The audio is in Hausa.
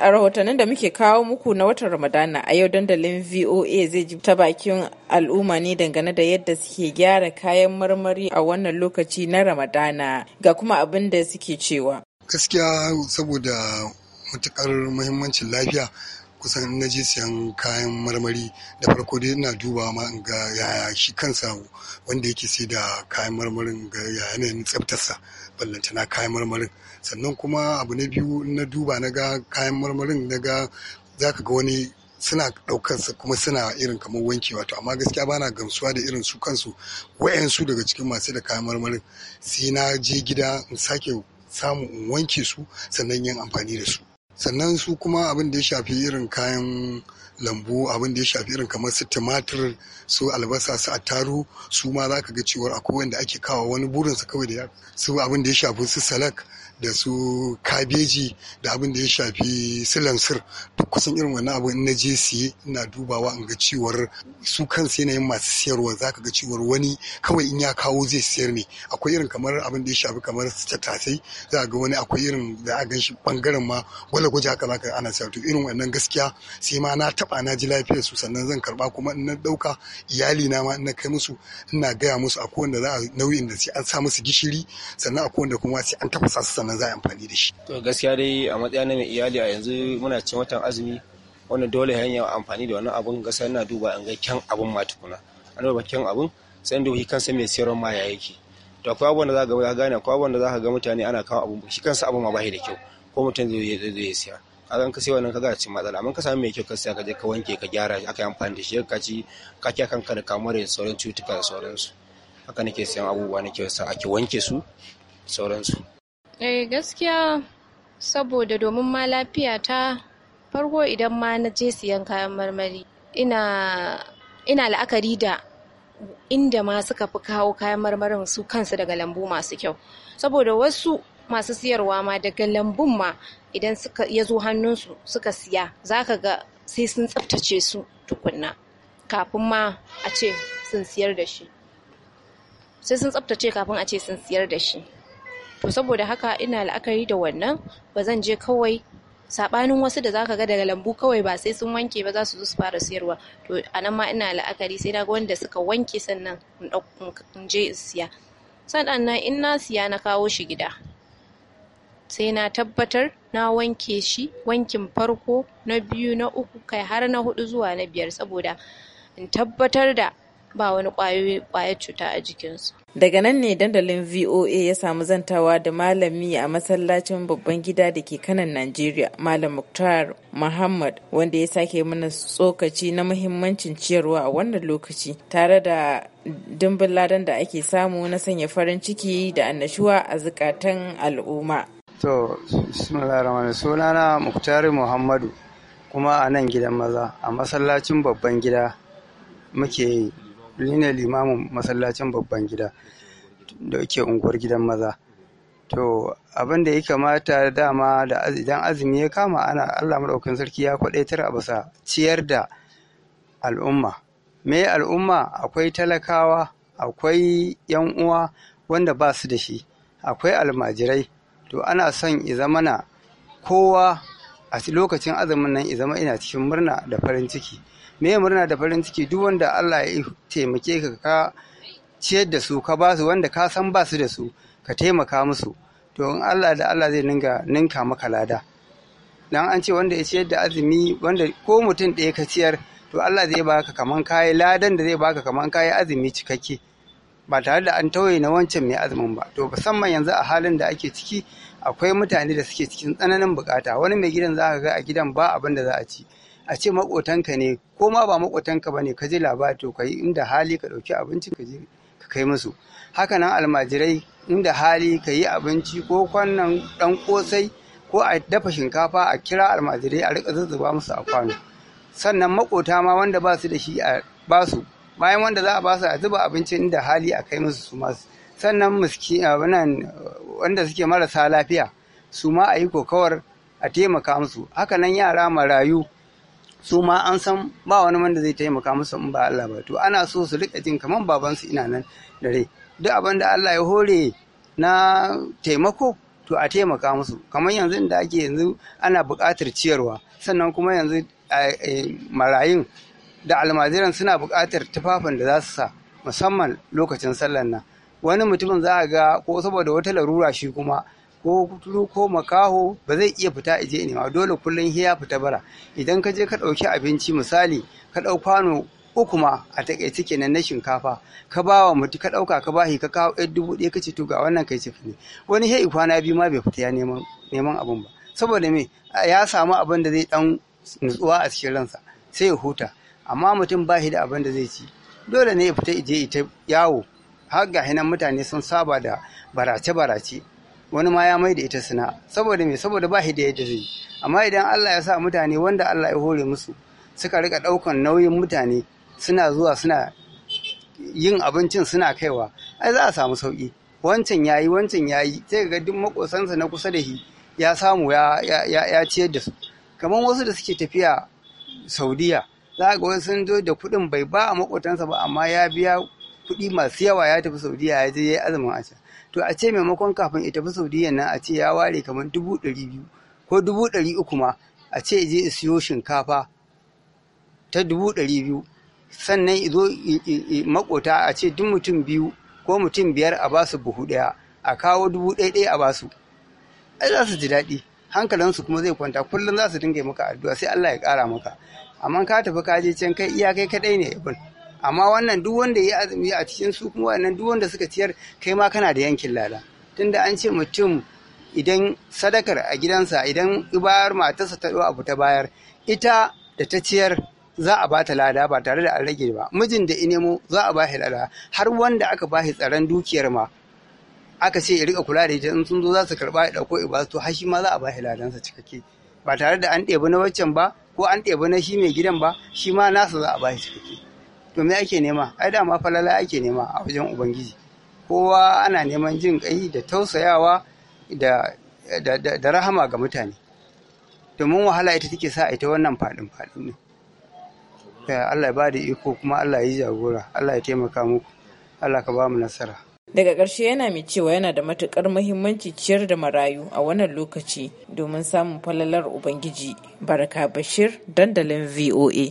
a rahotannin da muke kawo muku na watan ramadana a yau dandalin voa zai ji ta bakin al'umma ne dangane da yadda suke gyara kayan marmari a wannan lokaci na ramadana ga kuma abin da suke cewa gaskiya saboda matukar muhimmancin lafiya kusan na je siyan kayan marmari da farko dai ina duba ma in ga yaya shi kansa wanda yake sai da kayan marmarin ga yanayin tsaftarsa na kayan marmarin sannan kuma abu na biyu na duba na ga kayan marmarin na ga za ka ga wani suna ɗaukarsa kuma suna irin kamar wankewa to amma gaskiya bana gamsuwa da irin su kansu wayansu daga cikin masu da kayan marmarin sai na je gida in sake samu in wanke su sannan yin amfani da su sannan su kuma abin da ya shafi irin kayan lambu abin da ya shafi irin kamar su tumatir su albasa su attaru su ma za ka ga cewar akwai wanda ake kawo wani su kawai da su abin da ya shafi su salak da su kabeji da abin da ya shafi su lansir duk kusan irin wani abu na je siye ina dubawa in ga cewar su kansu yanayin masu siyarwa za ka ga cewar wani kawai in ya kawo zai siyar ne akwai irin kamar abin da ya shafi kamar su tattasai za ga wani akwai irin da a gan shi bangaren ma wala gwaje-gwaje haka zaka ana siya to irin wannan gaskiya sai ma na taba na ji lafiyar su sannan zan karba kuma in na dauka iyali na ma in na kai musu ina gaya musu akwai wanda za a nauyin da sai an sa musu gishiri sannan akwai wanda kuma sai an tafasa su sannan za a amfani da shi to gaskiya dai a matsayin na mai iyali a yanzu muna cin watan azumi wannan dole hanya amfani da wannan abun gaskiya ina duba in ga kyan abun ma tukuna an duba kyan abun sai in dubi kansa mai siyarwa ma ya yake to akwai abubuwan da za ka gane akwai abubuwan da za ka ga mutane ana kawo abun shi kansa abun ma bai da kyau ko mutum zai zai siya kaga ka sai wannan kaga cin matsala amma ka samu mai kyau ka siya ka je ka wanke ka gyara shi aka yi amfani da shi ka ci ka kiya ka da kamar da sauran cutuka da sauransu haka nake siyan abubuwa na kyau sa ake wanke su sauransu eh gaskiya saboda domin ma lafiya ta farko idan ma na je siyan kayan marmari ina ina la'akari da inda ma suka fi kawo kayan marmarin su kansu daga lambu masu kyau saboda wasu masu siyarwa ma daga lambun ma idan suka ya zo hannunsu suka siya za ka ga sai sun tsaftace su tukunna kafin ma a ce sun siyar da shi sai sun tsaftace kafin a ce sun siyar da shi to saboda haka ina la'akari da wannan ba zan je kawai sabanin wasu da zaka ga daga lambu kawai ba sai sun wanke ba za su zo su fara siyarwa to anan ma ina la'akari sai na ga wanda suka wanke sannan in je in siya sannan in na siya na kawo shi gida sai na tabbatar na wanke shi wankin farko na biyu na uku kai har na hudu zuwa na biyar saboda in tabbatar da ba wani ƙwayar cuta a jikinsu. Daga nan ne dandalin VOA ya samu zantawa da malami a masallacin babban gida da ke kanan Najeriya, Malam Muktar Muhammad, wanda ya sake mana tsokaci na muhimmancin ciyarwa a wannan lokaci, tare da dimbin ladan da ake samu na sanya farin ciki da annashuwa a zukatan al'umma. To, bismillahirrahmanirrahim sunana Muktari Muhammadu kuma a nan gidan maza a masallacin babban gida muke yi. Ni ne limamin masallacin babban gida da ke unguwar gidan maza. To, abin da ya kamata dama da idan azumi ya kama ana Allah maɗaukin sarki ya kwaɗaitar a bisa ciyar da al'umma. Me al'umma akwai talakawa, akwai 'yan uwa wanda ba su da shi, akwai almajirai. to ana son kowa a lokacin azumin nan zama ina cikin murna da farin ciki me murna da farin ciki duk wanda Allah ya taimake ka ka ciyar da su ka basu wanda ka san basu da su ka taimaka musu to in Allah da Allah zai ninka ninka maka lada dan an ce wanda ya ciyar da azumi wanda ko mutum ɗaya ka ciyar to Allah zai baka kaman kai ladan da zai baka kaman kayi azumi cikakke ba tare da an tauye na wancan mai azumin ba to musamman yanzu a halin da ake ciki akwai mutane da suke cikin tsananin bukata wani mai gidan za ka ga a gidan ba abin da za a ci a ce makotanka ne ko ma ba makotanka ba ne ka je labari to ka yi inda hali ka ɗauki abinci ka je ka kai musu haka nan almajirai inda hali ka yi abinci ko kwannan ɗan kosai ko a dafa shinkafa a kira almajirai a riƙa zuzzuba musu a kwano sannan makota ma wanda ba su da shi a basu bayan wanda za a ba su a zuba abinci inda hali a kai musu su masu sannan miski wanda suke marasa lafiya su ma a yi kokawar a taimaka musu nan yara marayu su ma an san ba wani wanda zai taimaka musu in ba Allah ba to ana so su rika jin kaman su ina nan dare duk abin da Allah ya hore na taimako to a taimaka musu kamar yanzu da ake yanzu ana buƙatar ciyarwa sannan kuma yanzu eh, marayun da almajiran suna buƙatar tufafin da za su sa musamman lokacin sallar nan wani mutumin za a ga ko saboda wata larura shi kuma ko kuturu ko makaho ba zai iya fita ije nema dole kullum ya fita bara idan ka je ka ɗauki abinci misali ka ɗau kwano uku ma a taƙaice kenan na shinkafa ka ba wa mutu ka ɗauka ka shi, ka kawo ɗaya dubu ɗaya ka ce to ga wannan kai ce ne wani hei kwana biyu ma bai fita ya neman neman abin ba saboda me ya samu abin da zai ɗan nutsuwa a cikin ransa sai ya huta amma mutum ba shi da abin da zai ci dole ne ya fita ije ita yawo har ga hinan mutane sun saba da barace barace wani ma ya mai da ita suna saboda me saboda ba shi da yadda zai amma idan Allah ya sa mutane wanda Allah ya hore musu suka rika daukan nauyin mutane suna zuwa suna yin abincin suna kaiwa ai za a samu sauki wancan yayi wancan yayi sai ga duk makosansa na kusa da shi ya samu ya ciyar da su kamar wasu da suke tafiya saudiya za ga wani sun zo da kuɗin bai ba a makotansa ba amma ya biya kuɗi masu yawa ya tafi saudiya ya je ya yi azumin a can to a ce maimakon kafin ya tafi saudiya nan a ce ya ware kamar dubu ɗari biyu ko dubu ɗari uku ma a ce je ya siyo shinkafa ta dubu ɗari biyu sannan zo makota a ce duk mutum biyu ko mutum biyar a basu buhu ɗaya a kawo dubu ɗaya ɗaya a basu ai za su ji daɗi hankalinsu kuma zai kwanta kullum za su dinga maka addu'a sai Allah ya ƙara maka amma ka tafi ka je can kai iya kai kadai ne ibn amma wannan duk wanda ya azumi a cikin su kuma wannan duk wanda suka ciyar kai ma kana da yankin lada tunda an ce mutum idan sadakar a gidansa idan ibayar matarsa ta ɗau abu ta bayar ita da ta ciyar za a bata lada ba tare da an rage ba mijin da inemo za a bashi lada har wanda aka bashi tsaron dukiyar ma aka ce ya rika kula da ita in sun zo za su karba ya dauko ibasu to har shi ma za a bashi ladansa cikakke ba tare da an ɗebi na waccan ba ko an ɗebi na shi mai gidan ba shi ma nasa za a ba shi cikakke to me ake nema ai da dama falala ake nema a wajen ubangiji kowa ana neman jin ƙai da tausayawa da da rahama ga mutane domin wahala ita take sa ita wannan faɗin faɗin ne eh, Allah ya ba da iko kuma Allah ya yi jagora Allah ya taimaka muku Allah ka ba mu nasara daga ƙarshe yana mai cewa yana da matuƙar muhimmanci ciyar da marayu a wannan lokaci domin samun falalar ubangiji baraka bashir dandalin voa